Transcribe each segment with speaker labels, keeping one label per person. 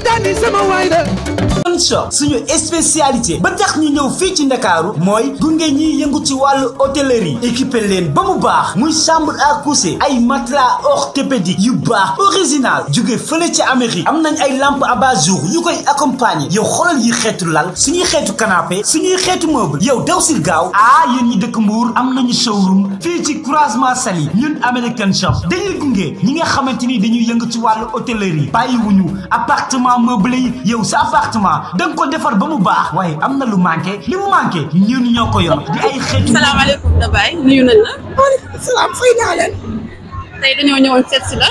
Speaker 1: Mauritanie sama waay suñu spécialité ba tax ñu ñëw fii ci ndakaaru mooy gunge ñiy yëngu ci wàllu hôtellerie équipé leen ba mu baax muy chambre à ay matelas orthopédique yu baax original jóge fële ci Amérique am nañ ay làmp abat-jour yu koy accompagner yow xoolal yi xeetu lal suñuy xeetu canapé suñuy xeetu meuble yow daw si gaaw ah yéen ñi dëkk Mbour am nañu showroom fii ci croisement Saly ñun American shop dañuy gunge ñi nga xamante ni dañuy yëngu ci wàllu hôtellerie bàyyiwuñu appartement appartement meublé yi yow sa appartement da ko defar ba mu baax am na lu manqué li mu manqué ñun ñoo ko yor di ay xeetu. salaamaaleykum
Speaker 2: Dabaye nuyu nañ dañoo ñëwoon seet la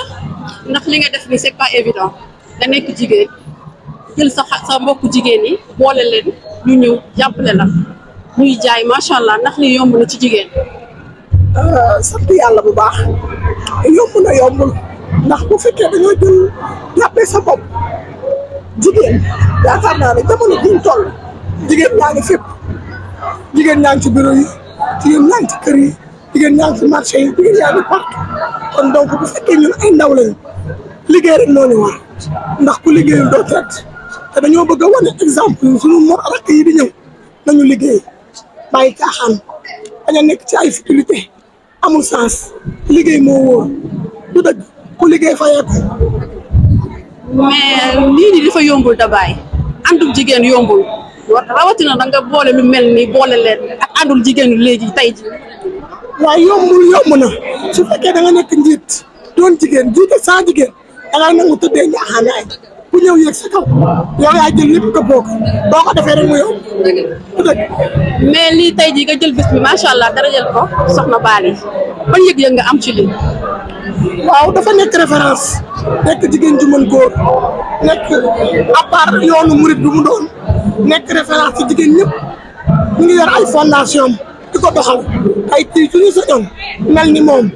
Speaker 2: ndax li nga def ni c'est pas da nekk jigéen jël sa sa jigéen yi boole leen ñu ñëw jàppale la muy jaay macha allah ndax li yomb na ci jigéen.
Speaker 3: Euh, sant yàlla bu baax
Speaker 4: yomb na yombul ndax bu fekkee dañoo jël jàppee sa bopp. jigéen yaakaar naa ne jamono biñ toll jigéen ñaa ngi fépp jigéen ñaa ngi ci bureau yi jigéen ñaa ngi ci kër yi jigéen ñaa ngi ci yi jigéen ñaa ngi kon donc bu fekkee ñun ay ndaw lañu liggéey rek ndax ku liggéeyul doo traite te dañoo bëgg a wane exemple suñu mor rakk yi di nañu liggéey bàyyi caaxaan bañ a nekk ci ay futilité amul sens
Speaker 2: liggéey moo wóor du dëgg ku liggéey fayeeku mais lii nii dafa yombul da bàyyi jigéen yombul rawatina da nga boole lu mel ni boole leen ak àndul jigéen léegi tey ji waaw yombul yomb na su fekkee da nekk njiit doon jigéen jiite sans jigéen da ngaa nangu tëddee ñaaxaane ay ku
Speaker 4: ñëw yéeg sa kaw yow yaa jël lépp nga bokk
Speaker 3: boo ko defee rek mu yomb
Speaker 2: mais lii tey ji nga jël bés bi macha allah dara jël ko soxna Bally ban yëg-yëg nga am ci lii waaw dafa nekk référence nekk jigéen ju mën góor
Speaker 4: nekk à part yoonu murit bi mu doon nekk référence ci jigéen ñëpp ñu ngi yor ay fondation di ko doxal ay tii suñu sañoon mel ni moom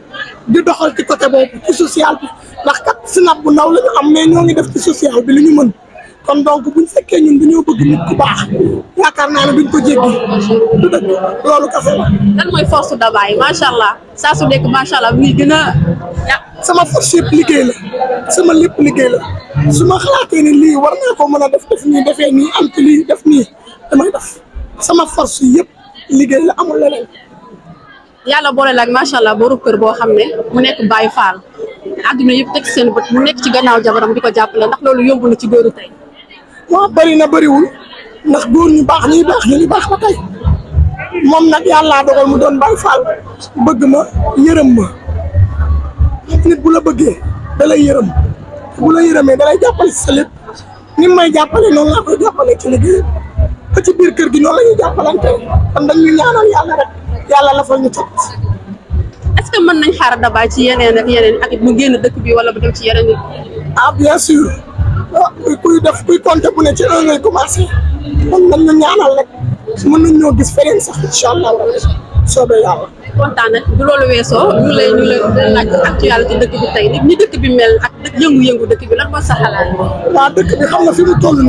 Speaker 4: di doxal ci côté boobu ci social bi ndax kat sinap bu ndaw la am mais ñoo ngi def ci social bi li ñu mën kon donc buñ fekkee ñun dañoo bëgg nit ku baax yaakaar naa ne duñ ko jéggi du dëkk loolu kese la.
Speaker 2: lan mooy force Dabaye macha allah saa su nekk macha allah muy gën a sama force yëpp liggéey la sama
Speaker 4: lépp liggéey la su ma xalaatee ne lii war naa ko man a def def nii defee nii am ci lii def nii damay def sama force
Speaker 2: yëpp liggéey la amul leneen. yàlla boole la ak macha allah borom kër boo xam ne mu nekk Baye Fall àdduna yëpp teg seen bët mu nekk ci gannaaw jabaram di ko jàppale ndax loolu yomb na ci góoru tey. waa bari na bariwul ndax góor ñu baax ñuy baax ñu ngi
Speaker 4: moom nag yàllaa dogal mu doon Baay Faal bëgg ma yërëm ma nit bu la bëggee da lay yërëm bu la yërëmee da lay jàppale si sa lépp ni may jàppale noonu laa koy jàppale ci liggéey ba ci biir kër gi noonu la ñuy jàppalante
Speaker 2: kon dañuy ñaanal yàlla rek yàlla la fa ñu cat. est que mën nañ xaar Daba ci yeneen ak yeneen ak mu génn dëkk bii wala bu dem ci yeneen ah bien sûr.
Speaker 4: kuy def kuy compter bu ne ci un lay commencé kon nan ñu ñaanal rek mën nañ ñoo gis
Speaker 2: feneen sax incha allah soobee yàlla. kontaan nag bu loolu weesoo ñu lay ñu lay laaj dëkk bi tey ni dëkk bi mel ak dëkk yëngu-yëngu dëkk bi lan moo sa xalaat. waaw dëkk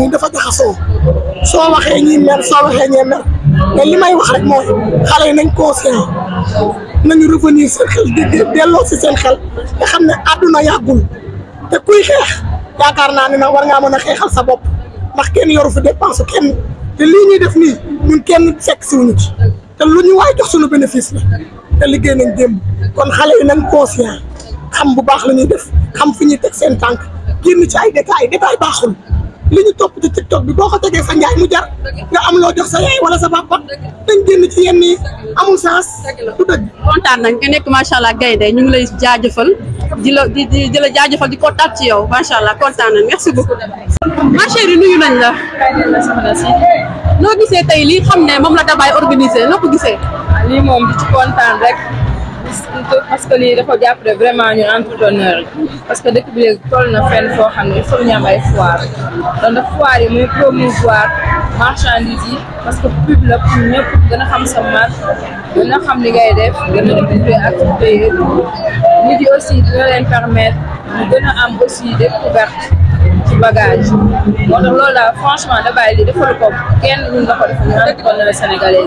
Speaker 2: bi dafa jaxasoo soo waxee ñii mer soo waxee ñee mer mais
Speaker 4: li may wax rek mooy xale yi nañ conseillé nañu revenir seen xel di delloo si seen xel nga xam ne àdduna yàggul te kuy xeex. yaakaar naa ne nag war ngaa mën a xeexal sa bopp ndax kenn yoru fi dépense kenn te lii ñuy def nii ñun kenn fekk si wuñu te lu ñu waay jox suñu bénéfice la te liggéey nañ démb kon xale yi nañ conscient xam bu baax la ñuy def xam fu ñuy teg seen tànk génn ci ay détails détails baaxul. li ñu topp ci tiktok bi boo ko tegee sa njaay mu jar nga am loo jox sa yaay wala sa papa
Speaker 2: dañ génn ci yenn amul sens du kontaan nañ nga nekk macha allah gaynde ñu ngi lay jaajëfal di la di di la jaajëfal di kontaan ci yow macha allah kontaan nañ merci beaucoup ma chérie nuyu nañ la noo gisee tey lii xam ne moom la dabaay organisé noo ko gisee lii moom ci kontaan rek parce que lii dafa jàppale vraiment ñu entrepreneur parce que dëkk bi léegi toll na fenn foo xam ne il faut foire donc nag foire yi muy promouvoir marchandise parce que pub la pour ñëpp gën a xam sa marque gën xam li ngay def gën a développer activité yi nit yi aussi dina loolu daal franchement da bàyyi lii defal ko kenn ñun la ko def ñu entrepreneur sénégalais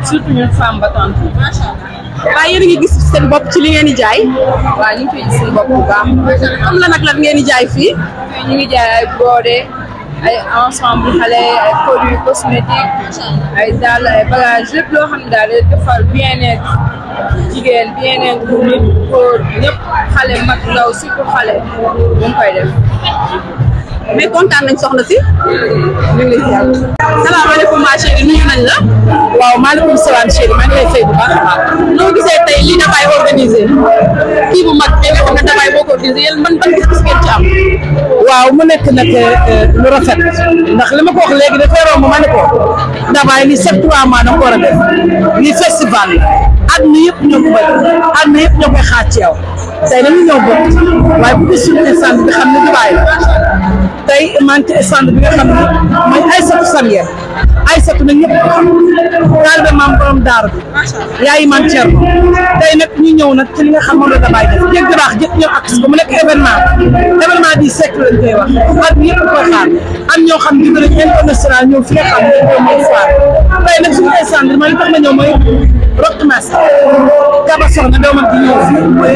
Speaker 2: yi surtout waaye yéen a ngi gis seen bopp ci li ngeen di jaay. waaw ñu ngi koy seen bopp bu am la nag lan ngeen di jaay fi ñu ngi jaay ay boode ay ensemble xale ay produits cosmétiques ay dàll ay bagages lépp loo xam ne daal di defar bien-être jigéen bien-être nit góor ñëpp xale mag ndaw surtout xale ngi koy def. mais kontaan nañ soxna si. ñu ngi lay ziar. salaamaaleykum maa chéri nuyu nañ la. waaw maaleykum salaam chéri maa ngi lay fay bu baax a baax. noo gisee tey lii dafay organisé
Speaker 4: kii bu mag bi nga xam ne dafay
Speaker 3: boo ko organisé yéen ban ban gis-gis ngeen ci am. waaw mu nekk nag euh, lu rafet ndax li ma ko wax léegi dafay romb ma ne ko dafay ni sept trois mois da nga ko war a def ni festival at mi yëpp ñoo ko bëri at mi yëpp ñoo koy xaar ci yow tey dañu ñëw bokk waaye bu dee suñu instant bi nga xam ne dafay la. tey maa ngi ci stand bi nga xam ne mooy Aysatu Samiya Aysatu nag ñëpp ko xam taalibe maam borom daaru bi yaayi maam Thierno tey nag ñu ñëw nag ci li nga xam moom la dabaay def jëkk baax jëkk ñëw ak ko mu nekk événement Wally di Seck lañ koy wax ak ñëpp koy xaar am ñoo xam ne dinañ international ñëw fi nga xam ne ñoom mooy faar tey nag suñu koy sànni man li tax na ñoom mooy Rock Mass Kaba Soxna doomam di ñëw fii mooy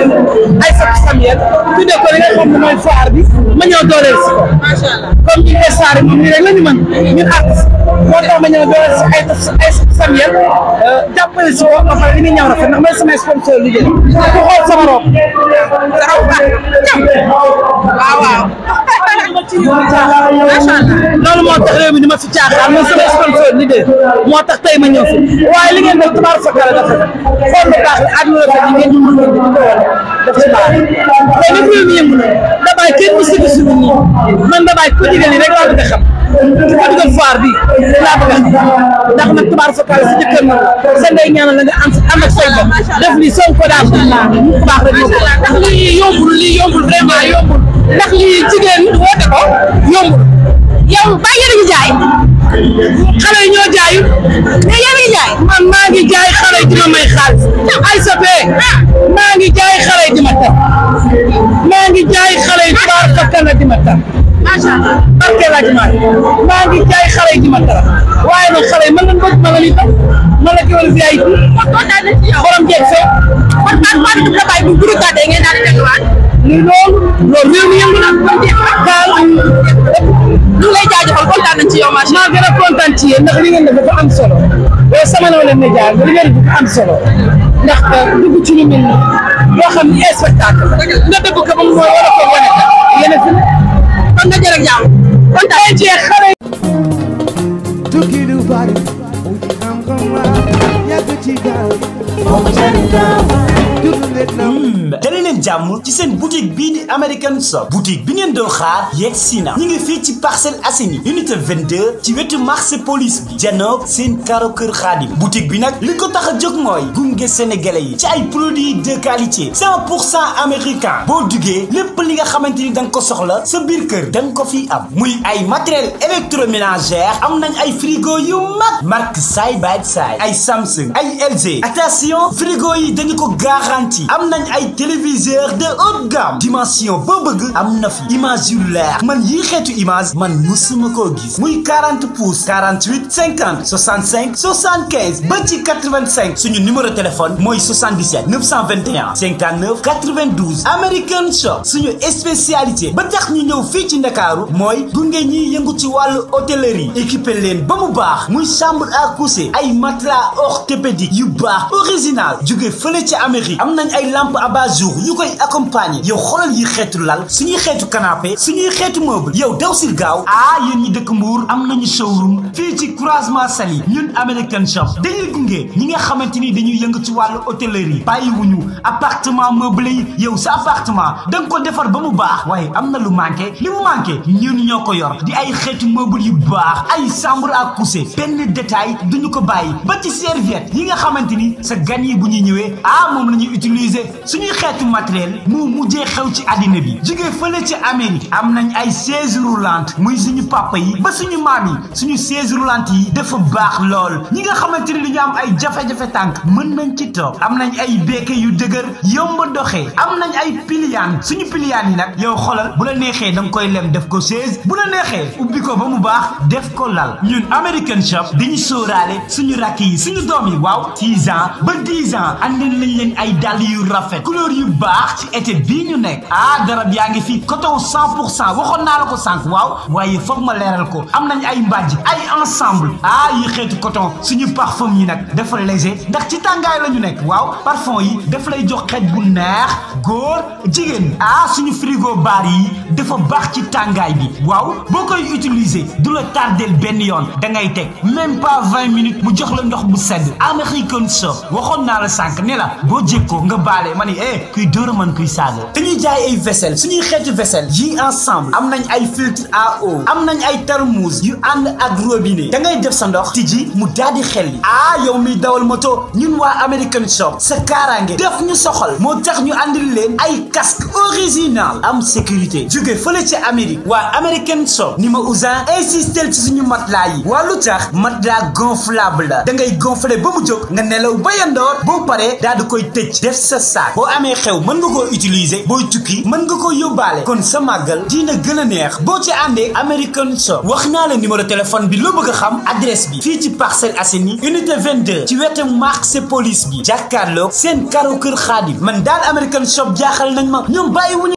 Speaker 3: Aïssatou Samuel tuddee ko li nga xam ne mooy faar bi ma ñëw dooleel si ko comme ñu koy saari moom nii rek la ñu mën ñun artiste moo tax ma ñëw dooleel si Aïssatou Samuel euh, jàppale si ko wax li ni ñaw rafet ndax mooy samay sponsor liggéey ku xool sama rob taxaw baax ñëw waaw waaw. macha allah loolu moo tax réew mi ni ma fi caaxaan man sama sponsor ni de moo tax tey ma ñëw fi waaye li ngeen def tubaab fakala dafa xool lu baax la àdduna rafet yi ngeen ñu di ko wane daf ci baax te ni réew mi yëngu na dabaay kenn mu sigi suñu nii man dabaay ko digal nii rek laa bëgg a xam ci ko digal foire bi laa bëgg a xam ndax nag tubaab fakala si jëkkër na sa ngay ñaanal la nga am am ak say bopp def lii soog ko daal bu baax rek ñu ko ndax lii yombul lii yombul vraiment yombul ndax lii jigéen woote ko yombul yow bàyyi la ñu jaay xale yi ñoo jaayut mais yéen a ngi jaay man maa ngi jaay xale yi di ma may xaalis ay sopee maa ngi jaay xale yi di ma tam maa ngi jaay xale yi tubaar fakkan la di ma tam macha allah barke la ji maa ngi jaay xale yi di ma tara waaye nag xale yi mën nañu bëgg mën nañu tam mën na kéwal si ay borom jeeg fee. kon man maa ngi dugg la bàyyi bu guddi gàddee ngeen daal di delluwaat. muy loolu loolu réew mi na daal
Speaker 4: ñu lay jaajëfal kontaan nañ ci yow maa gën a kontaan
Speaker 3: ci yéen ndax li ngeen def dafa am solo sama naw leen ne jaar li ngeen def dafa am solo ndax dugg ci lu mel ni loo xam ne nga dëgg ko moom mooy wala ko wane yéen a fi nga jërë jàmm kontaan
Speaker 1: jàmm ci seen boutique bii di American Shop bi ngeen doon xaar yegg si na ngi fii ci Parcelles Assainies unité 22 ci wetu marché police bi janoog seen karo kër Xaadim boutique bi nag li ko tax a jóg mooy gunge sénégalais yi ci ay produits de qualité 100 pour cent américain boo duggee lépp li nga xamante ni da nga ko soxla sa biir kër da ko fi am muy ay matériel électroménager am nañ ay frigo yu mag marque side by side ay Samsung ay LG attention frigo hauteur de haute gamme dimension ba bëgg am na fi image yu leer man yii xeetu image man musuma koo gis muy 40 pouces 48 50 65 75 ba ci 85 suñu numéro téléphone mooy 77 921 59 92 American Shop suñu spécialité ba tax ñu ñëw fii ci Ndakaaru mooy gunge ñiy yëngu ci wàllu hôtellerie équipé leen ba mu baax muy chambre à coucher ay matelas orthopédique yu baax original jóge fële ci Amérique am nañ ay lampe abat-jour yu koy koy accompagner yow xoolal yi xeetu lal suñuy xeetu canapé suñuy xeetu meuble yow daw sil gaaw ah yéen ñi dëkk Mbour am nañu showroom fii ci croisement Saly ñun American Shop dañuy gunge ñi nga xamante ni dañuy yëngu ci wàllu hôtellerie bàyyiwuñu appartement meublé yi yow sa appartement da nga ko defar ba mu baax waaye am na lu manqué li mu manqué ñun ñoo ko yor di ay xeetu meuble yu baax ay ak à penn benn détail duñu ko bàyyi ba ci serviette yi nga xamante ni sa gan yi bu ñuy ñëwee ah moom la ñu utiliser suñuy xeetu matériel leen moo mujjee xew ci àddina bi jóge fële ci Amérique am nañ ay chaise lant muy suñu papa yi ba suñu maam yi suñu chaise roulante yi dafa baax lool ñi nga xamante ni dañu am ay jafe tànk mën nañ ci toog am nañ ay béke yu dëgër yomb doxee am nañ ay piliyaan suñu piliyaan yi nag yow xoolal bu la neexee da koy lem def ko chaise bu la neexee ubbi ko ba mu baax def ko lal ñun American shop dañu sóoraale suñu rakk yi suñu doom yi waaw six ans ba dix ans andil lañ ay dàll yu rafet couleur yu baax baax ci été bii ñu nekk ah darab yaa ngi fii coton cent pour cent waxoon naa la ko sànq waaw waaye foog ma leeral ko am nañ ay mbàjj ay ensemble ah yi xeetu coton suñu parfum yi nag dafa léger ndax ci tàngaay la ñu nekk waaw parfum yi daf lay jox xeet gu neex góor jigéen ah suñu frigo baar yi dafa baax ci tàngaay bi waaw boo koy utiliser du la tardeel benn yoon da ngay teg même pas vingt minutes mu jox la ndox bu sedd American shop waxoon naa la sànq ne la boo jékkoo nga baale ma ni eh kuy dóora man kuy saaga dañuy jaay ay vaisselle suñuy xeetu vaisselle yi ensemble am nañ ay filtre à eau am nañ ay thermos yu ànd ak robinet da ngay def sa ndox tijji mu daal xel yi ah yow miy dawal moto ñun waa American shop sa kaaraange ñu soxal moo leen ay casque original am sécurité jóge fële ci Amérique waa American Shop ni ma usa insistel ci suñu matelas yi waa lu tax matelas gonflable la da ngay gonfler ba mu jóg nga nelaw ba yandoor boo pare daal di koy tëj def sa saak boo amee xew man nga koo utiliser booy tukki mën nga koo yóbbaale kon sa màggal dina gën a neex boo ci àndee American Shop wax naa la numéro téléphone bi loo bëgg xam adresse bi fii ci Parcelles Assainies unité 22 ci wetu marché police bi jàkkaarloog seen karo xaadim ñoom jaaxal
Speaker 4: nañ ma ñoom bàyyi wuñu